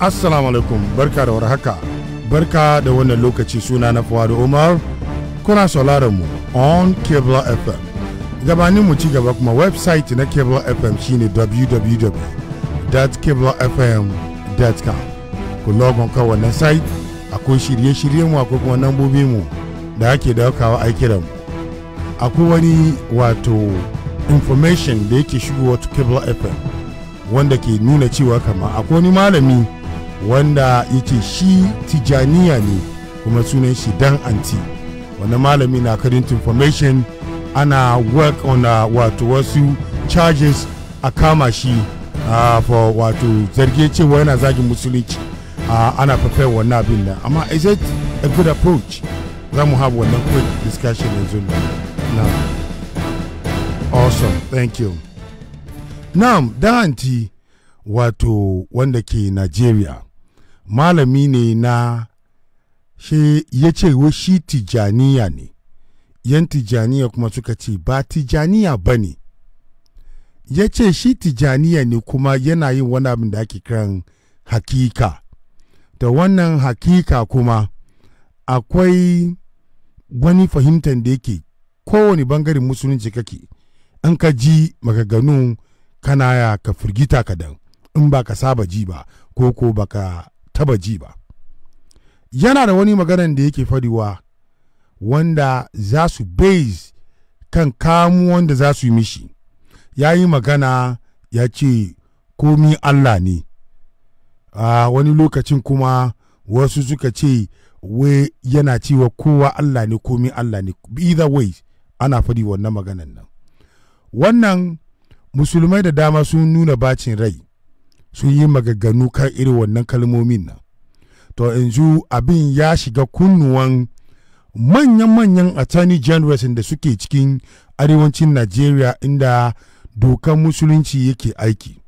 Assalamu alaikum barka da haka, barka da wannan lokaci suna na Fuadu Umar kuna sauraron mu on Cable FM gabanin mu ci gaba kuma website na Cable FM shine www.cablefm.com ku on kawai wannan site akwai shirye-shirye mu akwai kuma nambobi mu da ake daukawa a da mu akwai wani wato information da yake shigo wato Cable FM wanda ke nuna cewa kama akwai wani malami wanda yake shi tijaniya ne kuma sunan shi dan anti wani malami na current information ana work on uh, wato wasu charges a kama shi uh, for wato zarge cewa yana zagin musulunci uh, ana prepare wannan abin nan amma is it a good approach za mu have wannan quick discussion yanzu na awesome thank you nam dan anti wato wanda ke nigeria malami ne na shi ya ce wa shi tijaniya ne yan tijaniya kuma suka ce ba tijaniya ba ne ya ce shi tijaniya ne kuma yana yin wani abin da ake kiran hakika da wannan hakika kuma akwai wani fahimtar da yake kowane bangaren musulunci kake in ka ji maganganun kana ya ka firgita kadan in ba ka saba ji ba ko ko baka taba ji ba yana da wani maganan da yake fadiwa wanda za su base kan kamu wanda za su yi mishi ya yi magana ya ce komi allah ne a wani lokacin kuma wasu suka ce we yana cewa kowa allah ne komi allah ne either way ana fadi wannan maganan nan wannan musulmai da dama sun nuna bacin rai sun yi magagganu kan irin wannan kalmomin na to yanzu abin ya shiga kunnuwan manyan-manyan attorney generals da suke cikin arewacin nigeria inda dokan musulunci yake aiki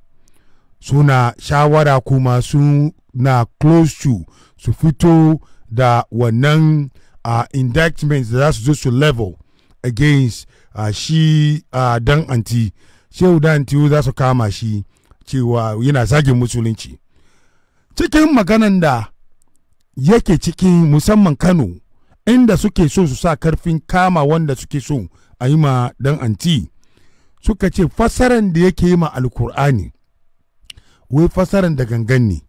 suna shawara kuma suna close to su fito da wannan uh, indictments da za su zo su level against uh, shi uh, dan anti shehu da anti za su kama shi cewa yana zagin musulunci cikin maganan da yake ciki musamman kano inda suke so su sa karfin kama wanda suke so a yi ma dan anti suka ce fasaran da yake yi ma alkur'ani wai fasaran da gangan ne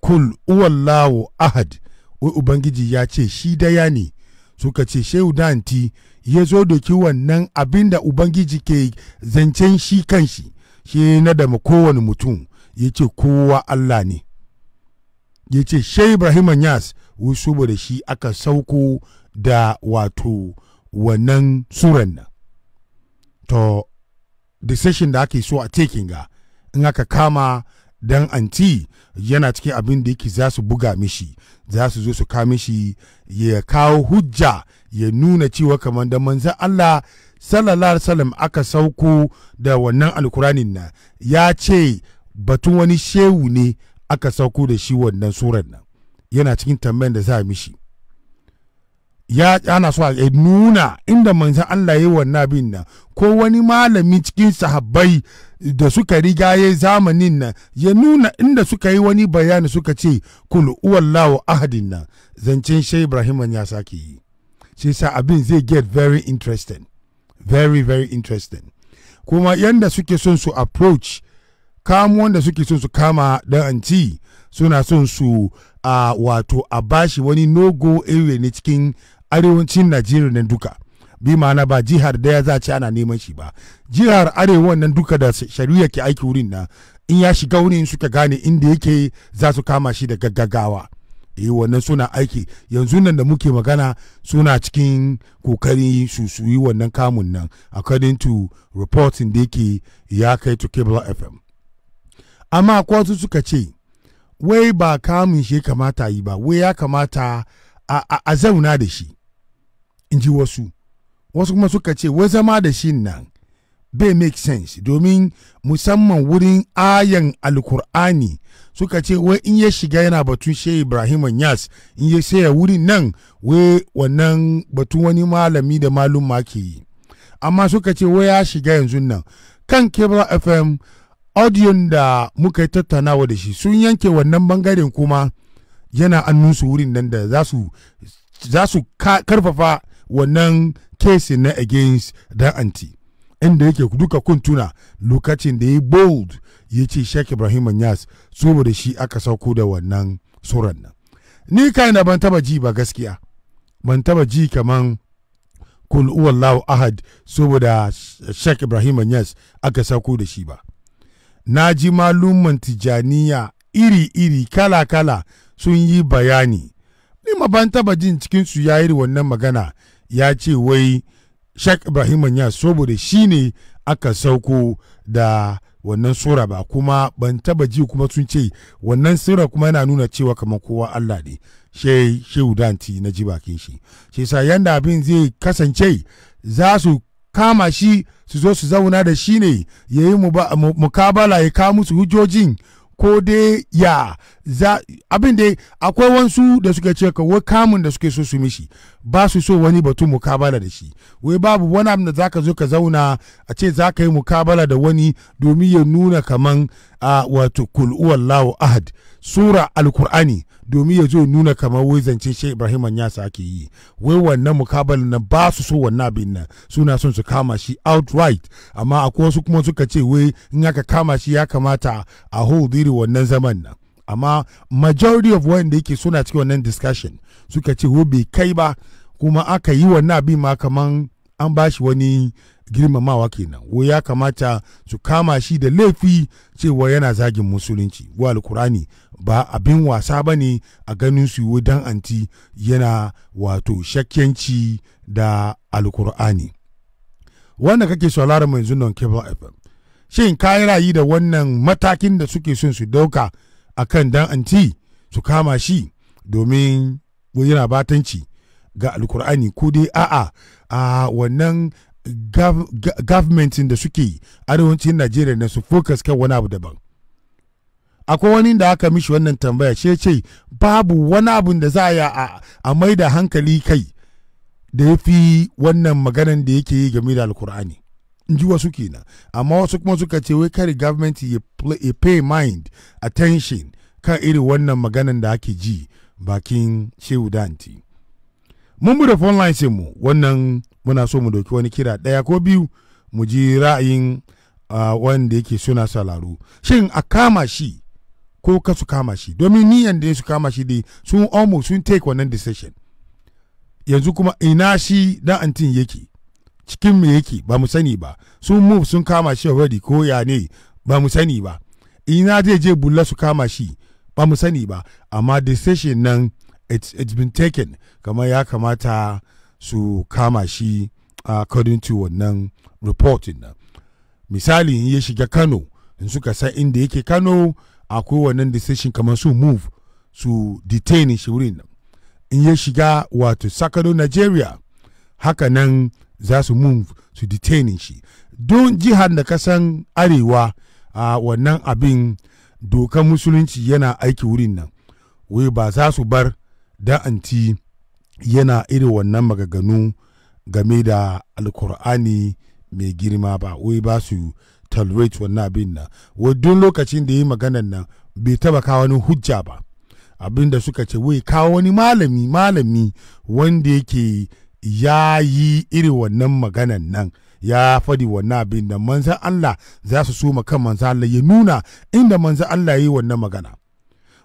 kul uwallawo ahad wai ubangiji ya ce shi daya ne suka ce shehu da anti ya zo doki wannan abin da ubangiji ke zancen shi kan shi. shi na dama kowane mutum ya ce kowa Allah ne ya ce shai ibrahim anyas wasu da shi aka sauko da wato wannan suran nan to decision da ake so a taking ga in aka kama dan anti yana cikin abin da yake za su buga mishi za su zo su kame shi ya kawo hujja ya nuna cewa kamar da manzan Allah sallallahu alaihi wasallam aka sauko da wannan alkuranin na ya ce batun wani shehu ne aka sauko da shi wannan surar nan yana cikin tambayan da za a mishi ya ana so a nuna inda manzan Allah yi wannan abin nan ko wani malami cikin sahabbai da suka riga ya zamanin nan ya nuna inda suka yi wani bayani suka ce kul uwallahu ahadin nan zancen shehu ibrahim ya sake yi shi sa abin zai get very interesting very very interesting kuma yanda suke son su approach kamo wanda suke son su kama dan anti suna son su a wato a bashi wani no go area ne cikin arewacin najeriya nan duka bi ma'ana ba jihar daya za ce ana neman shi ba jihar arewa nan duka da shari'a ke aiki wurin na in ya shiga wurin suka gane inda yake za su kama shi da gaggagawa eh wannan suna aiki yanzu nan da muke magana suna cikin kokari su su yi wannan kamun nan according to reporting da yake ya kai to cable fm amma kotu suka ce wai ba kamun shi kamata yi ba wai ya kamata a zauna da shi in ji wasu wasu kuma suka ce wai zama da shi nan bai make sense domin musamman wurin ayan alkur'ani suka ce wai in ya shiga yana batun shehu ibrahim yas in ya saya wurin nan wai wannan batun wani malami da malum ke yi amma suka ce wai ya shiga yanzu nan kan kebra fm audion da muka yi tattaunawa da shi sun yanke wannan bangaren kuma yana annunsu wurin nan da za su karfafa wannan kesi na against dan anti inda yake duka kuntuna lokacin da ya bold ya ce Sheikh Ibrahim manyas saboda shi aka sauko da wannan suran nan ni kaina ban taba ji ba gaskiya ban taba ji kaman kul uwallahu ahad saboda Sheikh Ibrahim Yas aka sauko da shi ba na ji malumman tijaniya iri-iri kala-kala sun yi bayani ni ma ban taba jin cikinsu ya yi wannan magana ya ce wai Sheikh Ibrahim Manya saboda shi ne aka sauko da wannan sura ba kuma ban taba ji kuma sun ce wannan sura kuma yana nuna cewa kamar kowa Allah ne shai shehu danti na ji bakin shi shi sa yanda abin zai kasance za su kama shi su zo su zauna da shi ne ya yi mukabala ya kawo musu hujjojin ko dai ya za abin da akwai wansu da suke ce ka wai kamun da suke so su mishi ba su so wani batu mukabala da shi wai babu wani abin da za ka zo ka zauna a ce za ka yi mukabala da wani domin ya nuna kaman a wato kul ahad sura alkur'ani domin ya zo nuna kamar wai zancen shi ibrahim ya ake yi wai wannan mukabal na ba su so wannan abin nan suna son su kama shi outright amma akwai wasu kuma suka ce wai in aka kama shi ya kamata a holdiri wannan zaman nan amma majority of wanda yake suna cikin wannan discussion suka ce wai bai kai ba kuma aka yi wannan abin ma kaman an ba shi wani girmamawa kenan wai ya kamata su kama shi da laifi cewa yana zagin musulunci wa alkurani ba abin wasa ba ne a ganin su dan anti yana wato shakkenci da alkur'ani wanda kake saurara mai zunan cable fm shin kayi rayu da wannan matakin da suke son su dauka a kan dan anti su kama shi domin yana batanci ga alkur'ani ko dai a'a a wannan gavmentin da suke arewacin najeriya na su focus kan wani abu daban akwai wani da aka mishi wannan tambaya ce ce babu wani abun da za a a mai da hankali kai da ya fi wannan maganan da yake yi game da alkur'ani in ji wasu kenan amma wasu kuma suka ce wai kare government ya pay mind attention kan irin wannan maganan da ake ji bakin shehu danti mun bude phone line sai mu wannan muna so mu dauki wani kira daya ko biyu mu ji ra'ayin ah, wanda yake suna salaru shin a kama shi ko ka su kama shi domin niyan da su kama shi dai sun almost sun take wannan decision yanzu kuma ina shi da antin yake cikin me yake ba mu sani ba sun move sun kama shi already ko ya ne ba mu sani ba ina zai je bulla su kama shi ba mu sani ba amma decision nan it's, it's been taken kamar ya kamata su kama shi according to wannan reporting na misali in ya shiga kano in suka san inda yake kano akwai wannan decision kamar su move su detain shi wurin nan in ya shiga wato sakado nigeria haka nan za su move su detain shi don jihar da kasan arewa a wannan abin dokar musulunci yana aiki wurin nan wai ba za su bar da anti yana irin wannan magaganu game da alkur'ani mai girma ba wai ba su talwait wannan abin nan wai duk lokacin da yi maganan nan bai taba kawo wani hujja ba abin da suka ce wai kawo wani malami malami wanda yake ya yi iri wannan maganan nan ya fadi wannan abin da manzan Allah za su suma kan manzan Allah ya nuna inda manzan Allah ya yi wannan magana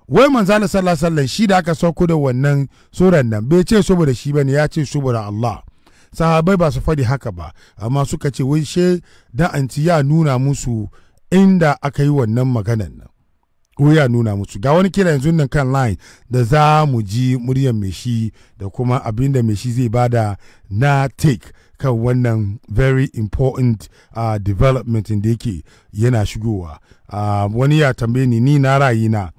wai manzan Allah sallallahu alaihi shi da aka sauko da wannan suran nan bai ce saboda shi bane ya ce saboda Allah sahabai ba su faɗi haka ba amma suka ce wai she da'anci ya nuna musu inda aka yi wannan maganan nan ko ya nuna musu ga wani kira yanzu nan kan line da za mu ji muryar mai shi da kuma abin da mai shi zai bada na take kan wannan very important uh, development da yake yana shigowa uh, wani ya tambaye ni ni na ra'ayina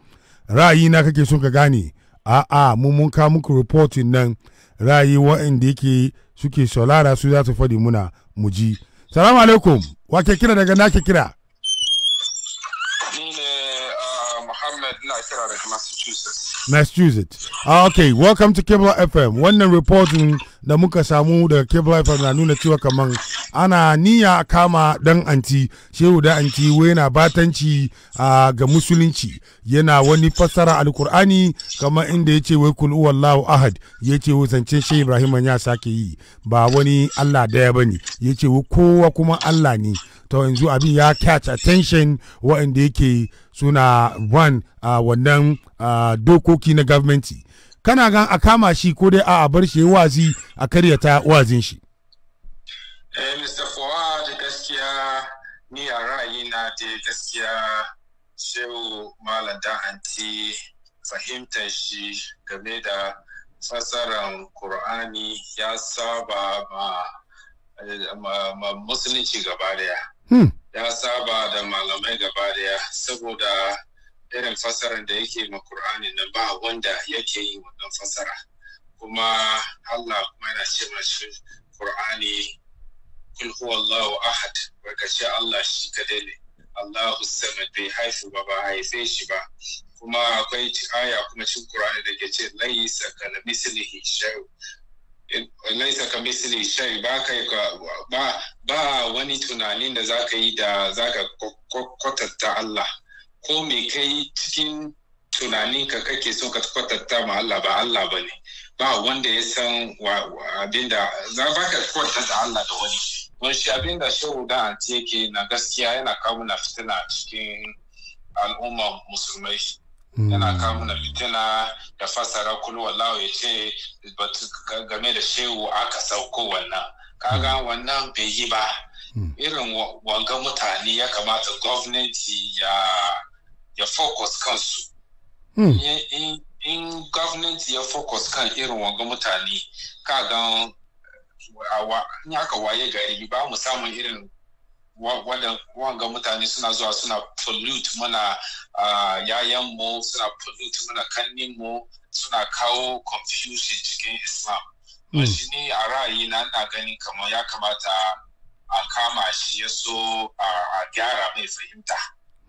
ra'ayina kake son ka gane a'a mun mun ka muku reporting nan ra'ayi wa'anda yake suke saurara su za su faɗi muna mu ji salamu alaikum wa ke kira daga nake kira ni ne ah, muhammad na kira daga massachusetts Massachusetts. Ah, okay, welcome to Kibla FM. Wannan reporting da muka samu daga Kibla FM na nuna cewa kaman ana niyya kama dan anti, shehu da anti yana batanci uh, ga musulunci. Yana wani fassara alkur'ani kamar inda yace wai kul wallahu ahad, yace zance Shehu Ibrahim ya sake yi, ba wani Allah daya bane, yace kowa kuma Allah ne. to yanzu abin ya catch attention waanda yake suna a wannan dokoki na gwamnati kana gan a kama shi ko dai a bar shi wazi a karyata wazin shi eh, Mr. Fawad gaskiya ni a na da gaskiya shehu malam da anti fahimtar shi game da fasaran Kur'ani ya saba ma musulunci gaba daya Hmm. ya saba da malamai gaba daya saboda irin fasarar da yake ma Kur'ani na ba wanda yake yi wannan fasara kuma Allah kuma yana ce ma shi Kur'ani kul huwallahu ahad baka ce Allah shi kadai ne Allahu samad bai haifu ba ba haife shi ba kuma akwai aya kuma cin Kur'ani da ke ce laisa kana mislihi shay'un laisa ka misali shai ba ka ba ba wani tunanin da zaka yi da zaka kwatanta Allah ko me kai cikin tunanin ka kake so ka kwatanta ma Allah ba Allah ba ne ba wanda ya san abinda za ba ka kwatanta Allah da wani don shi abinda shehu da anti yake na gaskiya yana kawo na fitina cikin al'umma musulmai yana hmm. kama na fitina da fasara kulu wallahu ya ce game da shehu aka sauko wannan kaga hmm. wannan bai yi ba hmm. irin wangan mutane ya kamata gwamnati ya ya focus kansu in gwamnati ya focus kan irin wangan mutane kaga in aka waye gari ba mu samun irin wanga mutane suna zuwa suna pollute mana yayan mu suna pollute mana kannin mu suna kawo confusion cikin islam hmm. shi ne a ra'ayi na ina ganin kamar ya kamata a kama shi ya so a gyara mai fahimta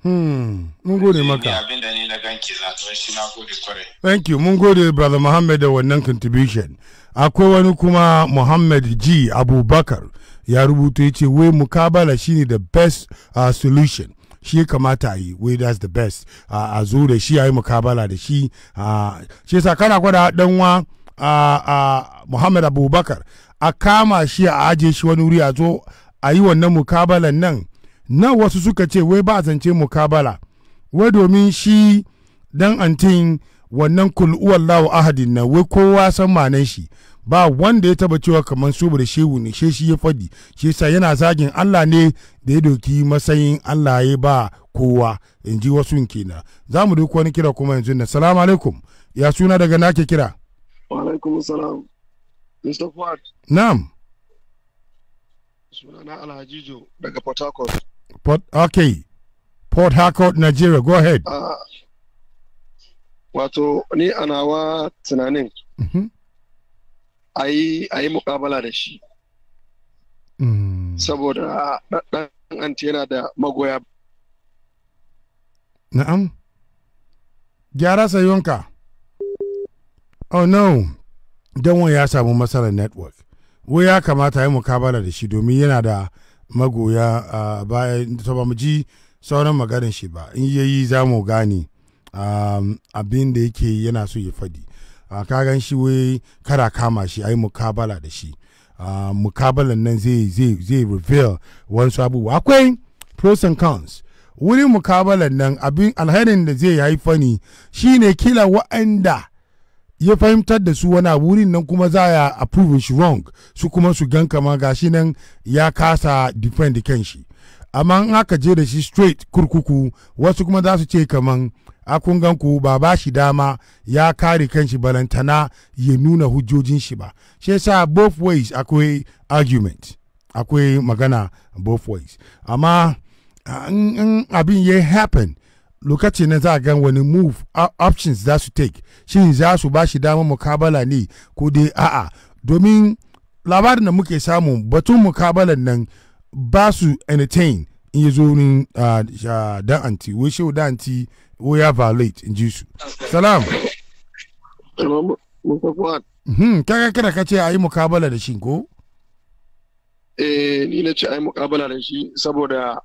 hmm. mun gode maka abin da ni na ganki na shi na gode kwarai thank you mun gode brother muhammad da wannan contribution akwai wani kuma muhammad g abubakar ya rubuta ya ce wai mukabala shine the best uh, solution shi ya kamata a yi wai that's the best uh, a zo da shi a yi mukabala da shi uh, shi yasa kana dan danwa uh, muhammad abubakar a kama shi a aje shi wani wuri a zo a yi wannan mukabalan nan na wasu suka ce wai ba a zance mukabala wai domin shi dan antin wannan kul'uwallahu ahadin nan wai kowa san manan shi ba wanda ya taba cewa kamar su da shehu ne she shi ya fadi shi yasa yana zagin Allah ne da ya doki matsayin Allah ya ba kowa in ji wasu kenan za mu duk wani kira kuma yanzu na salamu alaikum ya suna daga nake kira wa alaikum salam mr fuad na'am sunana alhajijo daga port harcourt port okay port harcourt nigeria go ahead uh, wato ni anawa tunanin mm -hmm. a yi mukabala da shi mm. saboda ɗan anti yana da magoya na'am gyara sayonka oh no wani ya samu matsalar network wai ya kamata ya mukabala da shi domin yana da magoya a bayan ta ba mu ji sauran maganin shi ba in yayi za mu gane um, abin da yake yana so ya fadi Ah, ka gan shi wai kara kama shi ai mukabala da shi ah, mukabalan nan zai zai zai reveal wani abubuwa akwai pros and cons wurin mukabalan nan abin alherin da zai yi fani shine kila wa'anda ya fahimtar da su wani abu wurin nan kuma za ya approve shi wrong su kuma su gan kama gashi nan ya kasa defend kan shi amma in aka je da shi straight kurkuku wasu kuma za su ce kaman a kun gan ku ba ba shi dama ya kare kanshi balantana ya nuna hujjojin shi ba shi yasa both ways akwai argument akwai magana both ways amma in abin ya happen lokacin na za a gan wani move options za su take shi za su ba shi dama mukabala ne ko dai a'a domin labarin da muke samu batun mukabalan nan ba su entertain in yi zo ni dan anti wai shi dan anti wai ya violate in ji su salam hmm, kaga kada ka ce a yi mukabala da shi ko eh ni na ce a yi mukabala da shi saboda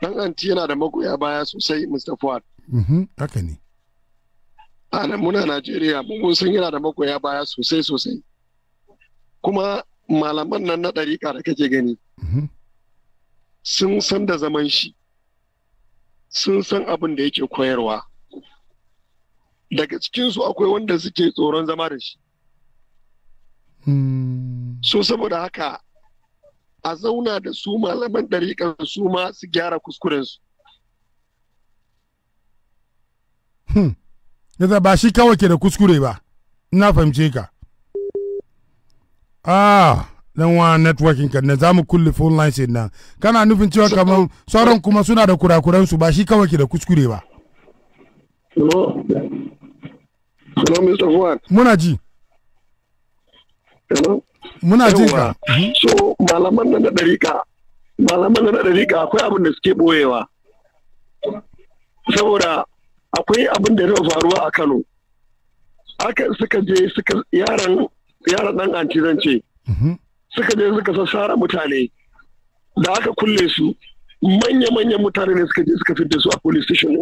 dan anti yana da magoya baya sosai mr fuad mm-hmm, haka ne a nan muna najeriya mun san yana da magoya baya sosai sosai kuma malaman nan na ɗariƙa da kake gani mm-hmm. sun san da zaman shi sun san abin da yake koyarwa daga cikinsu akwai wanda suke tsoron zama da shi hmm. so saboda haka a zauna da su malaman ɗariƙar su ma su gyara kuskurensu hmm. yadda ba shi kawai ke da kuskure ba na fahimce ka ah. dan wa networking kan za mu kulli phone line sai nan kana nufin cewa kaman sauran kuma suna da kurakuran su ba shi kawai ke da kuskure ba hello hello mr fuad muna ji hello muna ji ka mhm. so malaman nan da dariƙa malaman nan da dariƙa akwai abin da suke boyewa saboda akwai abin da ya faruwa a Kano aka suka je suka yaran yaran dan anti zance mhm. suka je suka sassara mutane da aka kulle su manya-manyan mutane ne suka je suka fidda su a police station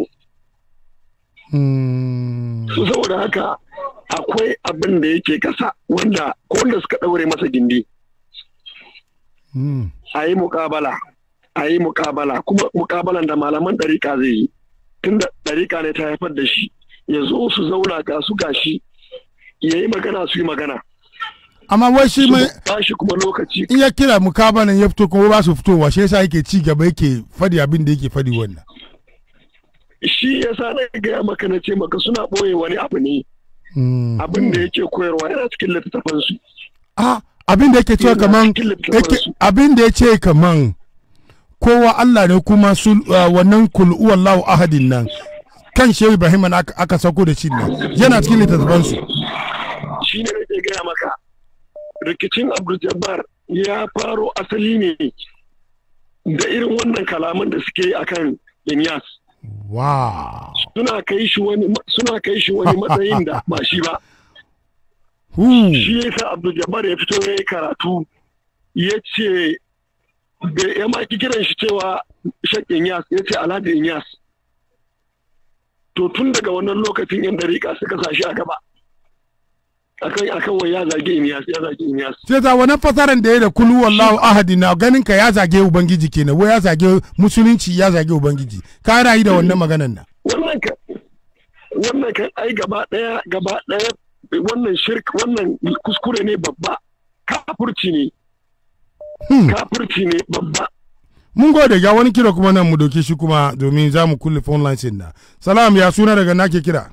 hmm. su saboda haka akwai abin da yake kasa wanda ko wanda suka ɗaure masa gindi hmm. a yi mukabala a yi mukabala kuma mukabalan da malaman ɗariƙa zai yi tunda ɗariƙa ne ta haifar da shi ya zo su zauna ga su gashi ya yi magana su yi magana amma wai shi mai tashi kuma lokaci in ya kira bana ya fito kuma ba su fitowa shi yasa yake ci gaba yake fadi abin da yake fadi wannan shi yasa na gaya maka na ce maka suna boye wani abu ne hmm. abin da yake koyarwa yana cikin littattafan su ah abin da yake cewa kaman abin da yace kaman kowa Allah ne kuma su uh, wannan kul wallahu ahadin nan kan shehu ibrahim aka sako da shi nan yana cikin littattafan su shi ne ke gaya maka rikicin abdul ya faro asali ne da irin wannan kalaman da suke yi akan inyas suna kai shi wani suna kai shi wani matsayin da ba shi ba shi yasa abdul jabbar ya fito ya yi karatu ya ce da ya maki kiran shi cewa shak inyas ya ce alhaji inyas to tun daga wannan lokacin yan dariƙa suka sa shi a gaba akan akan ya zage Inyas ya zage Inyas sai za fasaran da ya da kulu wallahu ahadi na ganin ka ya zage ubangiji kenan wai ya zage musulunci ya zage ubangiji ka rayu da wannan maganan nan wannan ka wannan kan ai gaba daya gaba daya wannan shirk wannan kuskure ne babba kafurci ne hmm. kafurci ne babba mun gode ga wani kira kuma nan mu doke shi kuma domin za mu kulle phone lines na salam ya suna daga nake kira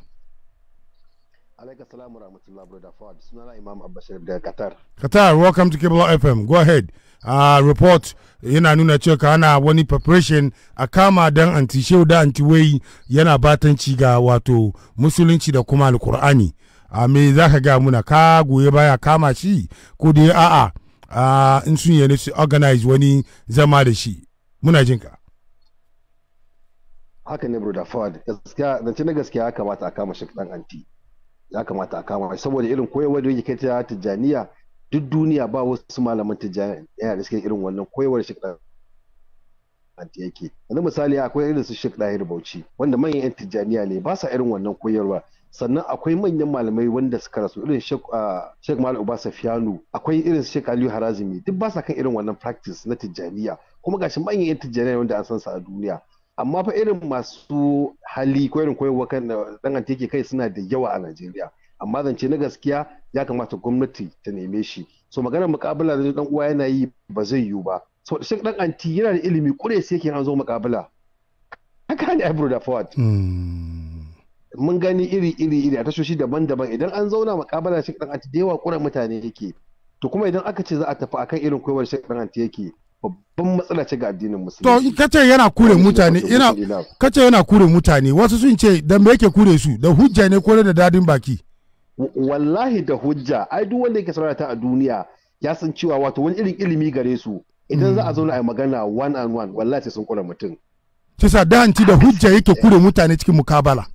Assalamu rahmatullahi brother Ford. Sunana Imam Abbas daga Qatar. Qatar, welcome to Cable FM. Go ahead. Uh, report yana nuna cewa ana wani preparation a kama dan anti shehu da anti wai yana batanci ga wato musulunci da kuma alkur'ani. A uh, me za ka ga muna ka goye baya kama shi ko dai a'a uh, in sun yana su organize wani zama da shi. Muna jin ka. Haka ne brother Ford. Gaskiya zance na gaskiya ya kamata a kama shi dan anti. ya kamata a kama saboda irin koyarwar da yake ta tijjaniya duk duniya ba wasu malaman tijjaniya da suke irin wannan koyarwar shi anti yake yanzu misali akwai irin su Sheikh Dahir Bauchi wanda manyan yan tijjaniya ne ba sa irin wannan koyarwa sannan akwai manyan malamai wanda suka rasu irin ah, Sheikh Malam Uba Safiyanu akwai irin su Sheikh Aliyu Harazimi duk ba sa kan irin wannan practice na tijjaniya kuma gashi manyan yan tijjaniya wanda an san su a duniya amma fa irin masu hali ko irin koyarwa kan dan antike kai suna da yawa a Najeriya amma zance na gaskiya ya kamata gwamnati ta neme shi so maganar mukabala da dan uwa yana yi ba zai yiwu ba so shin dan anti yana da ilimi kure sai yake an zo mukabala haka ne Ibro da Fawad hmm. mun gani iri iri iri a tashoshi daban-daban idan an zauna mukabala shi dan anti da yawa kura mutane yake to kuma idan aka ce za a tafi akan irin koyarwa shi dan anti yake babban matsala ce ga addinin musulunci to kace yana kure mutane ina kace yana kure mutane wasu sun ce dan me yake kure su da hujja ne ko da dadin baki wallahi da hujja ai duk wanda yake sarata a duniya ya san cewa wato wani irin ilimi gare su idan za a zauna a magana one on one wallahi sai sun kura mutum kisa da hanci da hujja yake kure mutane cikin mukabala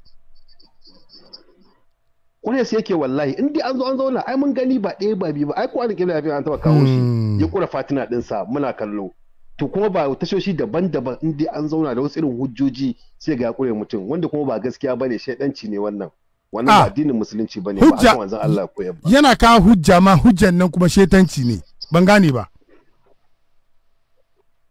kure su yake wallahi in dai an zo an zauna ai mun gani ba ɗaya ba biyu ba ai ko an kila lafiya an taba kawo shi hmm. ya kura fatina din sa muna kallo to kuma ba tashoshi daban-daban in dai an zauna da wasu irin hujjoji sai ga ya kure mutum wanda kuma ba gaskiya bane shaidanci ne wannan wannan ba ah. addinin musulunci bane ba kuma wanzan Allah ko yabba yana kawo hujja ma hujjan nan kuma shaitanci ne ban gane ba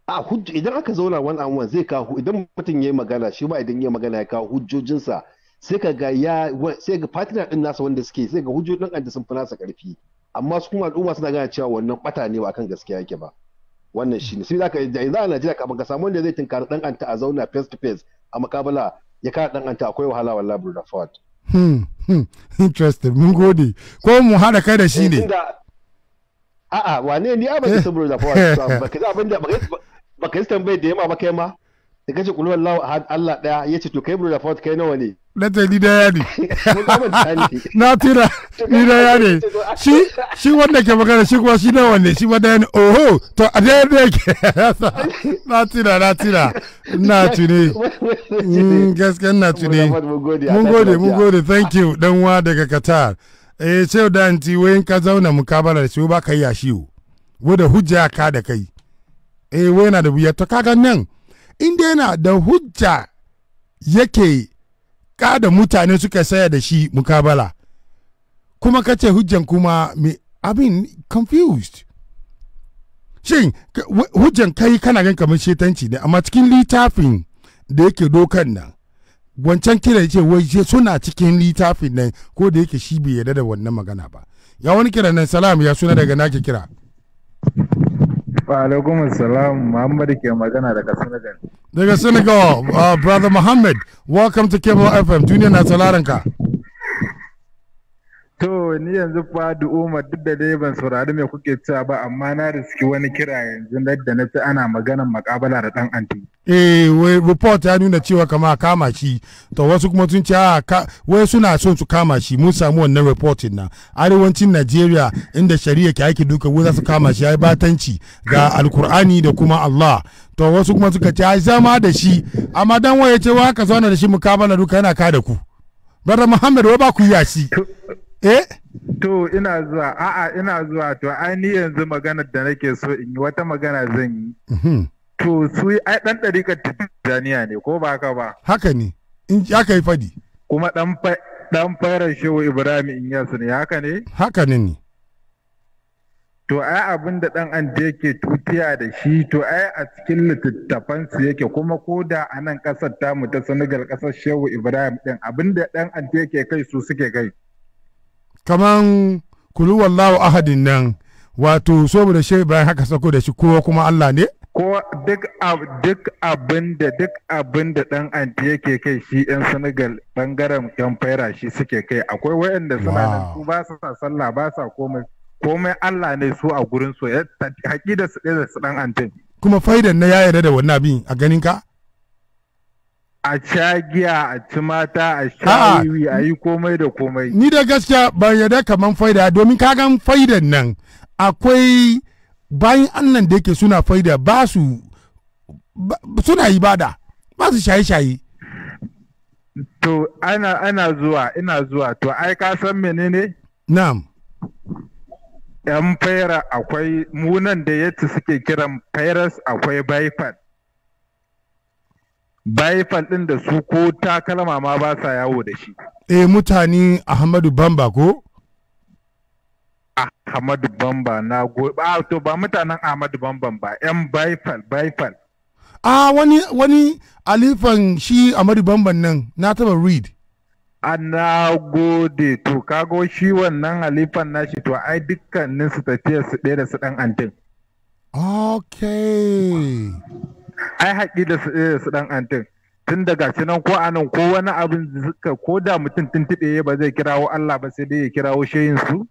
a hujja idan aka zauna wani an zai kawo idan mutum ya yi magana shi ba idan ya magana ya kawo hujjojinsa sai ka ga ya sai ga partner din nasa wanda suke sai ga hujjojin dan adda sun fi nasa karfi amma su kuma al'umma suna gane cewa wannan bata ne ba kan gaskiya yake ba wannan shine sai zaka yanzu a Najeriya kafin ka samu wanda zai tinkari dan anta a zauna face to face a mukabala ya kara dan anta akwai wahala wallahi brother Ford hmm hmm interesting mun gode ko mu hada kai da shi eh, ne a'a wane ni abin da saboda Ford ba ka abin da ba ka yi tambayar da yamma ba kai ma da kace kulu wallahu ahad Allah daya yace to kai brother Ford kai nawa ne na ta ni daya ne na tira ni daya ne shi shi wanda ke magana shi kuma shi nawa ne shi ma daya ne oho to a daya ne ke na tira na tira na tuni mm, gaskiya na tuni mun gode mun gode thank you dan wa daga Qatar eh sai da anti wayin ka zauna mukabalar shi ba ka yi shi wo da hujja ka da kai eh wai na da buya to kaga nan inda yana da hujja yake kada mutane suka saya da shi mukabala kuma ka ce hujjan kuma abin confused shin hujjan kai kana gan kamar shetanci ne amma cikin litafin da yake dokan nan wancan kira ce wai suna cikin litafin nan ko da yake shi bai yarda da wannan magana ba ya wani kira nan salam ya suna daga nake kira Wa alaikum salam Muhammad ke magana daga Senegal. Daga Senegal, uh, Brother Muhammad, welcome to Cable FM. Duniya na sauraron ka. To ni yanzu fa Umar duk da dai ban saurari me kuke cewa ba amma na da suke wani kira yanzu da na ci ana maganar makabala da dan anti. Eh wai report ya nuna cewa kama kama shi to wasu kuma sun ce ah, wai suna son su kama shi mun samu wannan reportin na arewacin Najeriya inda shari'a ke aiki duka wai su kama shi ya batanci ga alkur'ani da kuma Allah to wasu kuma suka ce ai ah, zama da shi amma dan waye ce wa ka zauna da shi mukabala duka yana ka da ku. Bara Muhammad wai ba ku yi yashi. Eh? To ina zuwa, a'a ina zuwa to ai ni yanzu maganar da nake so in yi wata magana zan yi. Mhm. To su yi ai ɗan ɗarikar Tijjaniya ne ko ba ka ba? Haka ne, in aka yi fadi. Kuma ɗan fara shehu Ibrahim in Inyasu ne haka ne? Haka ne ne. To ai abin da ɗan an yake tutiya da shi to ai a cikin littattafansu yake kuma ko da a nan ƙasar tamu ta Senegal ƙasar shehu Ibrahim ɗin abin da ɗan an yake kai su suke kai. kaman wallahu ahadin nan wato saboda shi ibrahim haka sako da shi kowa kuma allah ne ko duk duk abin da duk abin da dan anti yake kai shi yan senegal bangaren yan faira shi suke kai akwai wayanda suna nan su ba sa sallah ba sa komai komai allah ne su a gurin su haƙi da su ɗaya da su dan antin kuma faidan na ya yarda da wannan abin a ganin ka a sha giya a ci mata a sha a yi komai da komai ni da gaskiya ban yarda kaman faida domin ka gan faidan nan akwai bayan annan da yake suna faida ba su suna ibada ba su shaye-shaye to ana ana zuwa ina zuwa to ai ka san menene na'am yan fayara akwai munan da yadda suke kiran fairas akwai bypass baifal ɗin da su ko takalma ma ba sa yawo da shi. Eh mutane Ahmadu Bamba ko? Ahmadu Bamba na go ba to ba mutanen Ahmadu Bamba ba yan baifal baifal. Ah wani wani alifan shi Ahmadu Bamba nan na taba read. na gode to kago shi wannan alifan nashi to ai dukkanin su tafiya su ɗaya da su ɗan antin. Okay. ai haƙi da eh, su ɗan antin tun daga shi nan ko anan ko wani abin zuka ko da mutum tuntuɓe ya ba zai kirawo Allah ba sai dai ya kirawo shayin su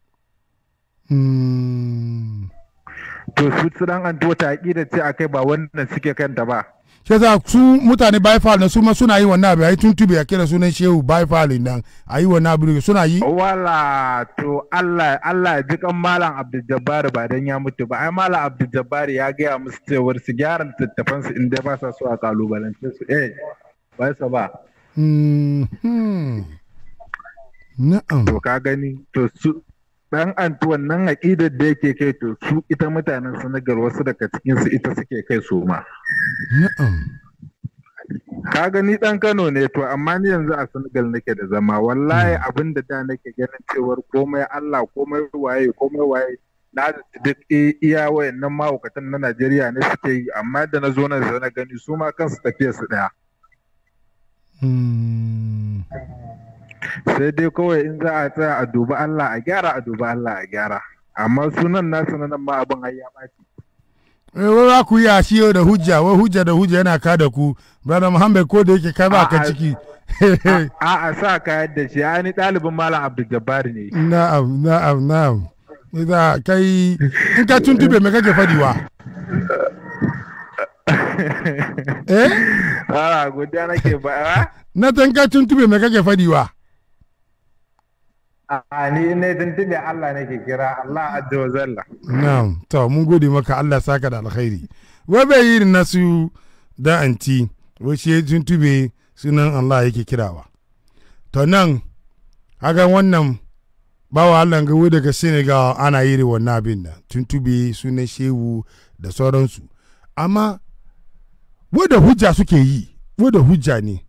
hmm. to su su ɗan antin wata haƙi da ce a kai ba wannan suke kanta ba shi yasa su mutane bifal na su ma suna yi wannan abu ayi tubi a kira sunan shehu yi nan ayi wannan abu suna yi wala to Allah Allah ya jikan malam Abdul ba dan ya mutu ba ai malam Abdul Jabbar ya gaya musu cewar su gyara tattafan su inda ba sa so a kalubalance su eh ba sa ba hmm, hmm. na'am to ka gani to su dan anti wannan aƙidar da yake kai to su ita mutanen Senegal wasu daga cikinsu ita suke kai su ma ka gani ɗan Kano ne to amma ni yanzu a Senegal nake da zama wallahi hmm. abin da da nake ganin cewar komai Allah komai waye komai waye na duk iya wayannan mahaukatan na Najeriya ne suke yi amma da na zo nan na gani su ma kansu tafiya su ɗaya. Hmm. sai dai kawai in za a tsaya a duba Allah a gyara a duba Allah a gyara amma sunan na sunan ma abin har ya eh wai ku yi ashiyo da hujja wai hujja da hujja yana ka da ku brother muhammad ko da yake kai ba ka ciki a a sa ka yadda shi ya ni ɗalibin malam abdul ne na'am na'am na'am za kai in ka tuntube me kake fadiwa eh a gudana ke ba na tan ka tuntube me kake fadiwa Ah, ni ne tuntun Allah nake kira Allah adda wa na'am to mun gode maka Allah saka da alkhairi wai bai yi nasu da anti wai shi tuntube sunan Allah yake kirawa to nan haka wannan bawa Allah gawo daga Senegal ana yi wannan abin da tuntube sunan shehu da sauransu amma wadda hujja suke yi wadda hujja ne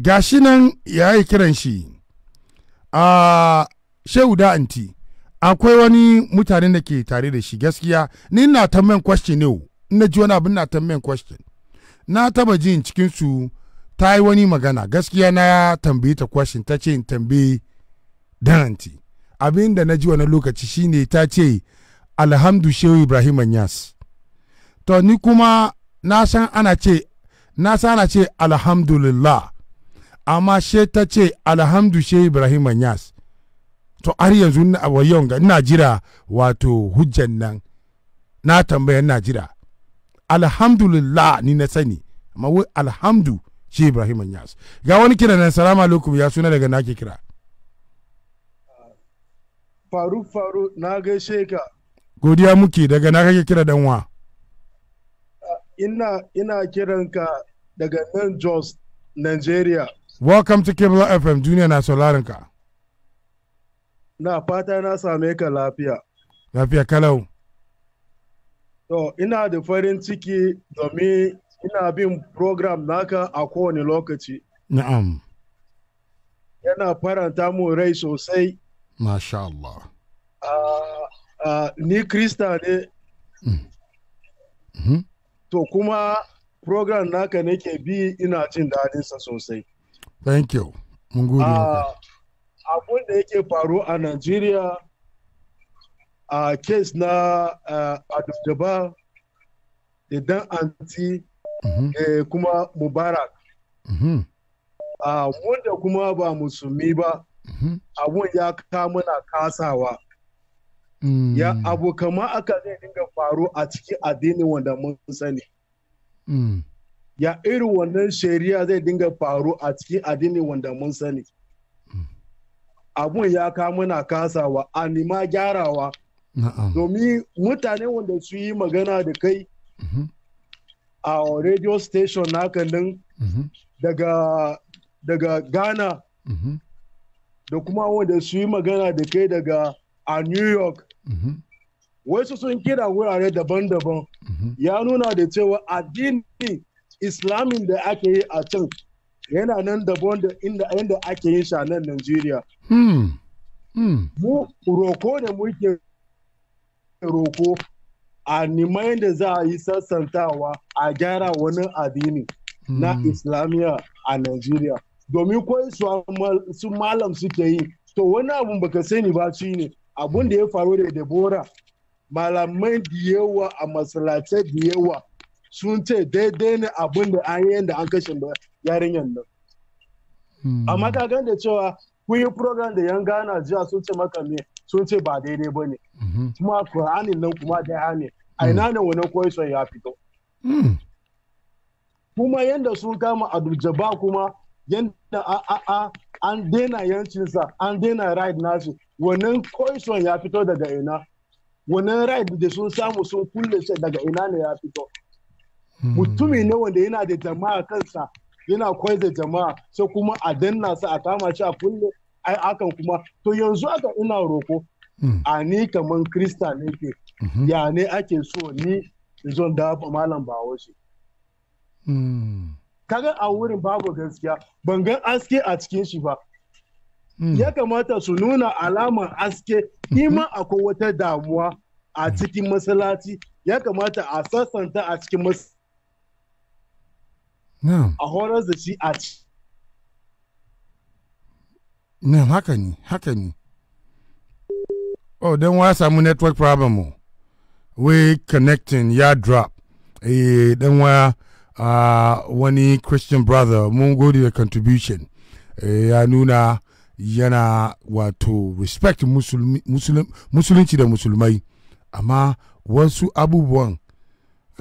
gashi nan yayi kiran shi a shehu da anti akwai wani mutane da ke tare da shi gaskiya ni na tambayan question ne na ji wani abin na tambayan question na taba jin cikin su ta yi wani magana gaskiya na ya tambayi ta question ta ce in tambayi anti abin da na ji wani lokaci shine ta ce alhamdu shehu ibrahim anyas to ni kuma na san ana ce na san ana ce alhamdulillah amma she ta ce alhamdu she ibrahim anyas to har yanzu wa yau ga ina jira wato hujjan nan na tambaya ina jira alhamdulillah ni na sani amma wai alhamdu shi ibrahim anyas ga wani kira nan salamu alaikum ya suna daga nake kira faru faru na gaishe ka godiya muke daga na kake kira dan wa ina ina kiranka daga nan jos nigeria Welcome to Kibla FM duniya na sauraron ka. Na fata na same ka lafiya. Lafiya kalau. To ina da farin ciki domin ina bin program naka a kowane lokaci. Na'am. Yana faranta mu rai sosai. Masha Allah. Uh, uh, ni Krista ne. Mm. Mm -hmm. To kuma program naka nake bi ina jin daɗinsa sosai. Thank you. Mun gode maka. Ah, abun da yake faru a nigeria a kes na Adabdaba eh, da dan anti mm-hmm. eh, kuma Mubarak. Mm-hmm. Ah, wanda kuma ba musulmi ba, mm-hmm. abun ya ka muna kasawa. Mm. Ya abu kama aka zai dinga faru a cikin addini wanda mun sani. Mm. ya irin wannan shari'a zai dinga faru a cikin addini wanda mun sani hmm. abun ya kamuna kasawa a nima gyarawa domin mutane wanda su yi magana da kai mm-hmm. a radio station naka nan mm-hmm. daga ghana mm-hmm. da kuma wanda su yi magana da kai daga a new york wasu sun kira wurare daban-daban ya nuna da cewa addini islamin da ake yi a can yana nan daban da inda inda ake yi shi a nan Najeriya. Hmm. Hmm. Mu roko da muke roko a nima yadda za a yi sassantawa a gyara wani addini na hmm. islamiyya a Najeriya. Domin kawai su malam suke yi, to wani abun baka sani ba shi ne abun da ya faru da Deborah malamai da yawa a masalatai da yawa sun ce daidai ne abin da an yi da an kashe yarinyar nan hmm. amma ka gan da cewa kun yi program da yan gana jiya sun ce maka me sun ce ba daidai ba ne hmm. kuma Kur'anin nan kuma daya ne a ina hmm. ne wannan question ya fito kuma yanda sun kama abdul kuma yanda a an daina yancinsa an daina right nasu wannan question ya fito daga ina wannan right da sun samu sun kulle shi daga ina ne ya fito Hmm. mutumi ne wanda yana da jama'a kansa yana koyar da jama'a sai kuma a danna su a kama shi a kulle ai akan kuma to yanzu aka ina roko hmm. a ni kaman krista ne ke hmm. ya ne ake so ni zon da malam ba wasu kaga a wurin babu gaskiya ban ga aske a cikin shi ba ya kamata su nuna alaman aske ima akwai wata damuwa a cikin masalaci ya kamata a sassanta a cikin masalaci a horar da shi a ci haka ne haka ne oh don wa samu network problem o we connecting ya drop eh dan wa uh, wani christian brother mun gode da contribution eh, ya nuna yana wato respect musulunci da musulmai amma wasu abubuwan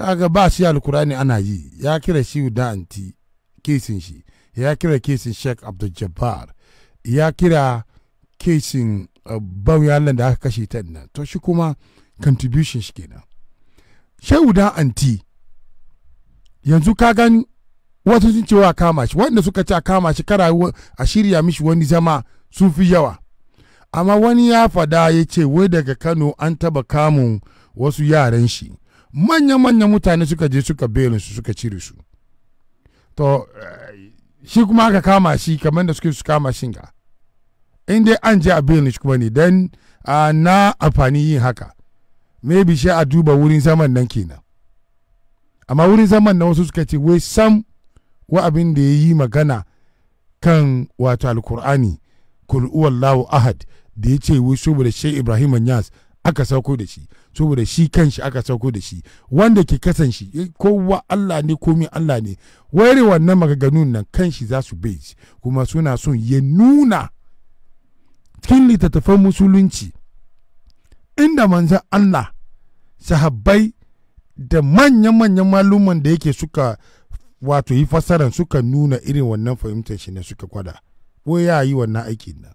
kaga ba shi alkurani ana yi ya kira shi da anti kesin shi ya kira kesin sheikh abdul jabbar ya kira kesin uh, bauyan da aka kashe ta nan to shi kuma contribution shi kenan shehu da anti yanzu ka gani wasu sun ce wa kama shi wanda suka ce a kama shi kara a shirya mishi wani zama sun fi yawa amma wani ya fada ya ce wai daga kano an taba kamun wasu yaran shi manya-manyan mutane suka je suka belinsu suka cire su to eh, shi kuma aka kama shi kamar da suke su kama shi in dai an je a belin shi kuma ne don na amfani yin haka maybe shi a duba wurin zaman nan kenan amma wurin zaman nan wasu suka ce wai sam wa abin da ya yi magana kan wato alkur'ani kul'uwallahu ahad da ya ce wai saboda shi ibrahim nyas aka sauko da shi saboda shi kanshi aka sauko da shi wanda ke kasan shi eh, kowa Allah ne komi Allah ne ware wannan maganganun nan kanshi za su bai kuma suna son ya nuna cikin littattafan musulunci inda manzan Allah sahabbai da manya-manyan maluman da yake suka wato yi fasaran suka nuna irin wannan fahimtar shi ne suka kwada ko ya yi wannan aikin nan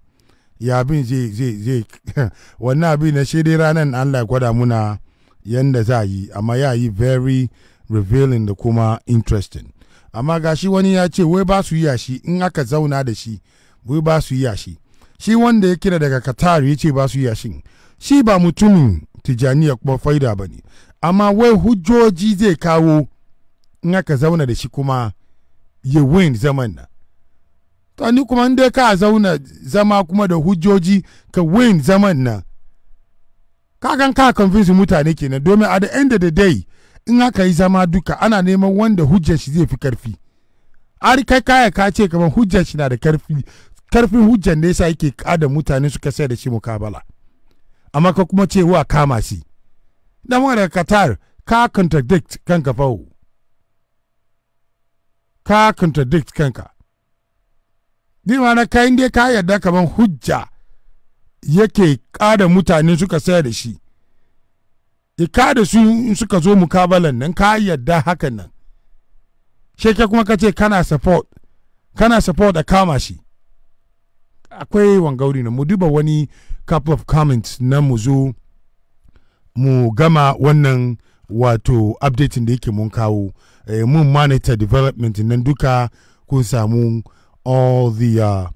ya abin zai zai zai wannan abin na shi dai ranar Allah ya gwada muna yanda za yi amma ya yi very revealing da kuma interesting amma gashi wani ya ce wai ba su yi shi in aka zauna da shi wai ba su yi shi shi wanda ya kira daga Qatar ya ce ba su yi shi shi ba mutumin ya kuma faida ba ne amma wai hujjoji zai kawo in aka zauna da shi kuma ya win zaman nan to ni kuma dai ka zauna zama kuma da hujjoji ka win zaman nan kakan ka convince mutane kenan domin at the end of the day in aka yi zama duka ana neman wanda hujjar shi zai fi karfi har kai kaya ka ce kamar hujjar shi na da karfi karfin hujjar ne yasa yake kada mutane suka sai da shi mukabala amma ka kuma ce wa kama shi dan daga Qatar ka contradict kanka fa ka contradict kanka bi na kayan dai ka yarda kaman hujja yake kada mutane suka saya da shi ya kada su in suka zo mu mukabalan nan ka yarda hakan nan sheke kuma ka ce kana support kana support a kama shi akwai wangauri na mu duba wani couple of comments na mu zo mu gama wannan wato updating da yake mun kawo eh, mun monitor development nan duka kun samu all the uh,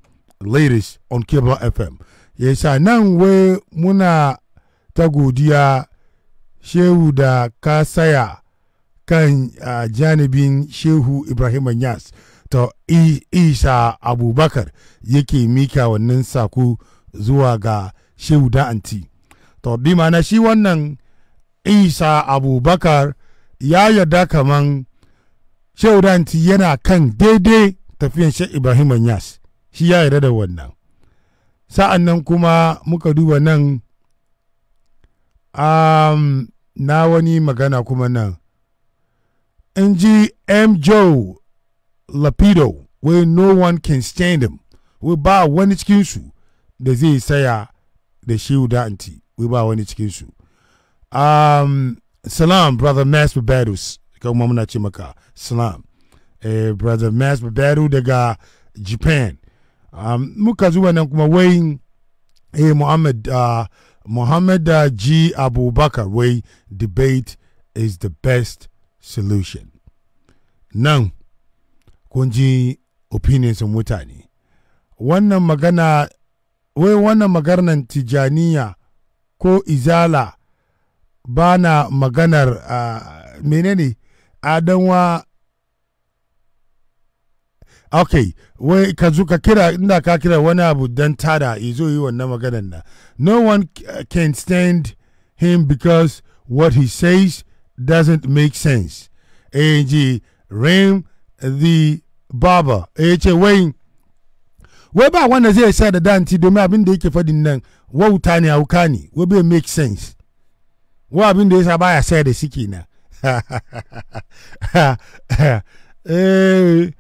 latest on cable fm Yes, sa nan wai muna ta godiya shehu da ka saya kan uh, janibin shehu ibrahim yas to isa abubakar yake mika wannan saku zuwa ga shehu da anti to bi mana shi wannan isa abubakar ya yarda kaman shehu da anti yana kan daidai tafiyan shek ibrahim yas shi ya yarda da wannan sa'an nan kuma muka duba nan um, na wani magana kuma nan in ji m joe lapido where no one can stand him we ba wani cikinsu da zai saya da shi da anti wai ba wani cikinsu um, salam brother mass babados kuma muna ce maka salam eh, brother mas badaru daga japan um, muka zuwa nan kuma wai eh, muhammad uh, muhammad uh, g abubakar wai debate is the best solution nan kun ji opinions mutane wannan magana wai wannan maganar tijaniya ko izala ba na maganar uh, menene adanwa ok wai ka zo ka kira inda ka kira wani abu don tada izo yi wannan maganar na no one uh, can stand him because what he says doesn't make sense eh, ji rain the barber eh, ya ce wai wai ba wanda zai sa da danti domin abin da yake fadin nan wauta ne hauka ne wai bai make sense wa abin da ya sa baya sayar da shi kenan eh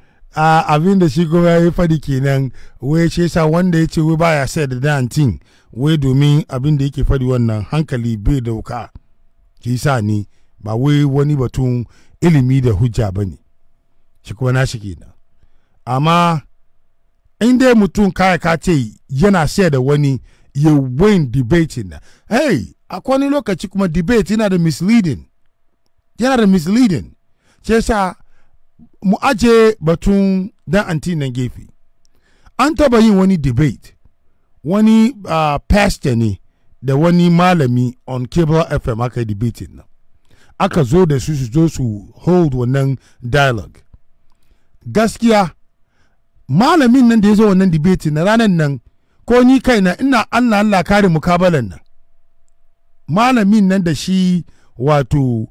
a abin da shi kuma ya faɗi kenan wai shi sa wanda ya ce wai baya sai da dantin wai domin abin da yake faɗi wannan hankali bai dauka shi sa ni ba wai wani batun ilimi da hujja ba ne shi kuma na shi kenan amma in dai mutum kaya ka ce yana sai da wani ya win debate na hey akwai wani lokaci kuma debate yana da misleading yana da misleading shi sa mu aje batun dan anti nan gefe an taba yin wani debate wani uh, pastor ne da wani malami on cable fm aka debating na aka zo da su su zo su hold wannan dialogue gaskiya malamin nan da ya zo wannan debating na ranar nan ko ni kaina ina allah allah kare mukabalan nan malamin nan da shi wato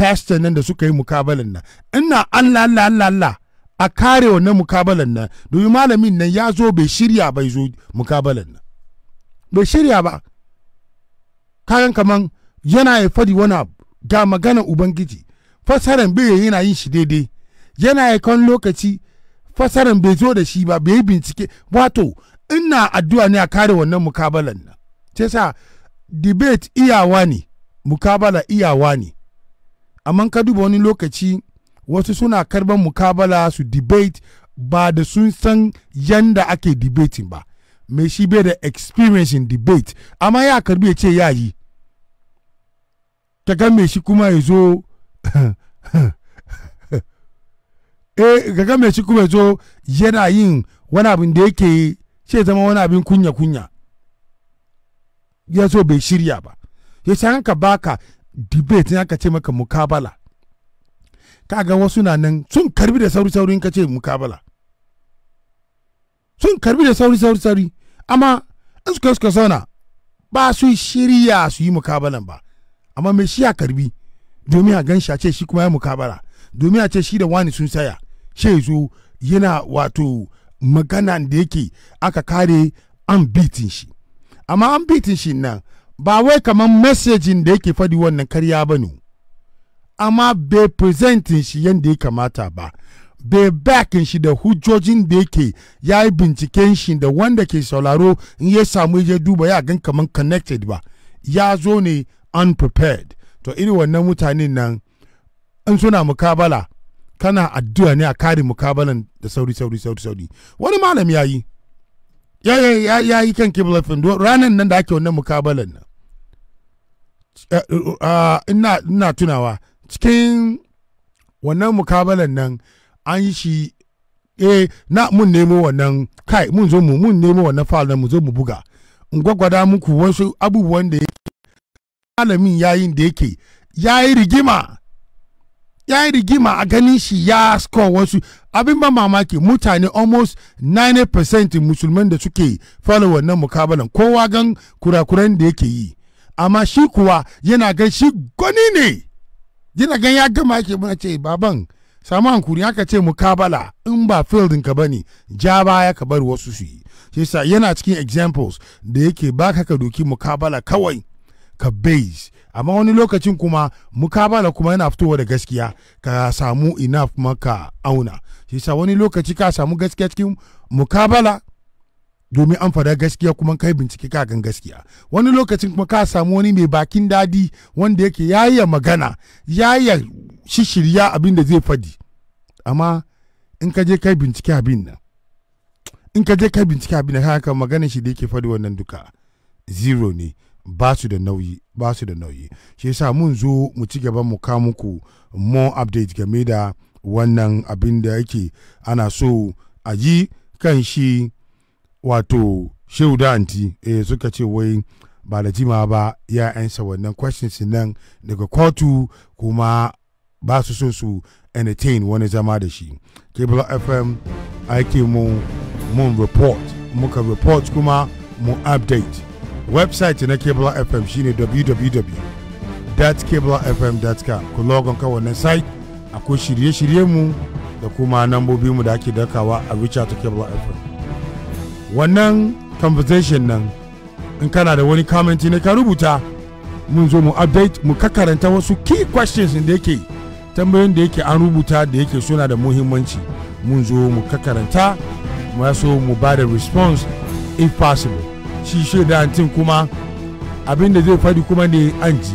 pastor nan da suka yi mukabalin nan ina Allah Allah Allah Allah a kare wannan mukabalin nan domin malamin nan ya zo bai shirya bai zo mukabalin nan bai shirya ba kayan kaman yana ya fadi wani ga magana ubangiji fasaran bai yana yin shi daidai yana ya kan lokaci fasaran bai zo da shi ba bai yi bincike wato ina addu'a ne a kare wannan mukabalan nan sai sa debate iyawa ne mukabala iyawa ne amma ka duba wani lokaci wasu suna karban mukabala su debate ba da sun san yanda ake debating ba mai shi bai da experience in debate amma ya karbi ya ce ya yi ta ga mai shi kuma ya zo gaga eh, mai shi kuma ya zo yana yin wani abin da yake ce zama wani abin kunya-kunya ya zo bai shirya ba ya ka baka debate ya ce maka mukabala kaga wasu na nan sun karbi da sauri sauri in ka ce mukabala sun karbi da sauri sauri sauri amma in suka suka zauna ba su shirya su yi mukabalan ba amma mai shi ya karbi domin a ganshi a ce shi kuma ya mukabala domin a ce shi da wani sun saya shi zo yana wato magana da yake aka kare an bitin shi amma an bitin shi nan ba wai kamar messaging da yake faɗi wannan karya ba ne amma bai presentin shi yadda ya kamata ba bai backin shi da hujjojin da yake ya yi binciken shi da wanda ke sauraro in ya samu ya duba ya gan kamar connected ba ya zo ne unprepared to iri wannan mutanen nan in suna mukabala kana addu'a ne a kare mukabalan da sauri sauri sauri sauri wani malam ya yi ya yi kan kibla ranan nan da ake wannan mukabalan nan Eh, uh, uh, ina ina tunawa cikin wannan mukabalan nan an yi shi eh na mun nemo wannan kai mun zo mu mun nemo wannan fa'al mu zo mu buga in gwagwada muku wasu abubuwan da yake malamin yayin da yake yayi rigima ya yi rigima a ganin shi ya score wasu abin ba mamaki mutane almost 90% musulman da suke fara wannan mukabalan kowa gan kurakuran da yake yi amma shi kuwa yana gan shi gwani ne yana gan ya gama yake muna ce baban samu hankuri aka ce mukabala in ba fieldin ka bane ja baya ka bar wasu su yi shi sa yana cikin examples da yake baka ka doki mukabala kawai ka base amma wani lokacin kuma mukabala kuma yana fitowa da gaskiya ka samu enough maka auna shi sa wani lokaci ka samu gaskiya cikin mukabala domin an fada gaskiya kuma kai bincike kakan gaskiya wani lokacin kuma ka samu wani mai bakin dadi wanda yake yaya magana yaya shishirya abin da zai fadi amma in ka je kai bincike abin nan in ka je kai bincike abin nan haka magana shi da yake fadi wannan duka zero ne ba su da nauyi ba su da nauyi shi yasa mun zo mu ci gaba mu ka muku more update game da wannan abin da yake ana so a yi kan shi wato shehu da anti eh, suka ce wai ba da jima ba ya ansa wannan questions nan daga kotu kuma ba su so su entertain wani zama da shi cable fm aiki mu mun report muka report kuma mu update website na cable fm shine www.cablefm.com ku logon ka wannan site akwai shirye-shirye mu da kuma mu da ake dakawa a richard cable fm wannan conversation nan in kana da wani commenti ne ka rubuta mun zo mu update mu kakaranta wasu key questions da yake tambayoyin da yake an rubuta da yake suna da muhimmanci mun zo mu kakaranta mu so mu ba da response if possible shi da antin kuma abin da zai faɗi kuma ne an ji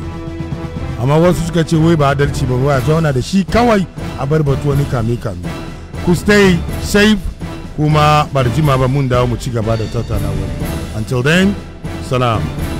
amma wasu suka ce wai ba adalci ba wa zauna da shi kawai a bar wani kame kame ku stay safe kuma barjima ba mun dawo mu ci gaba da tattaunawa until then salam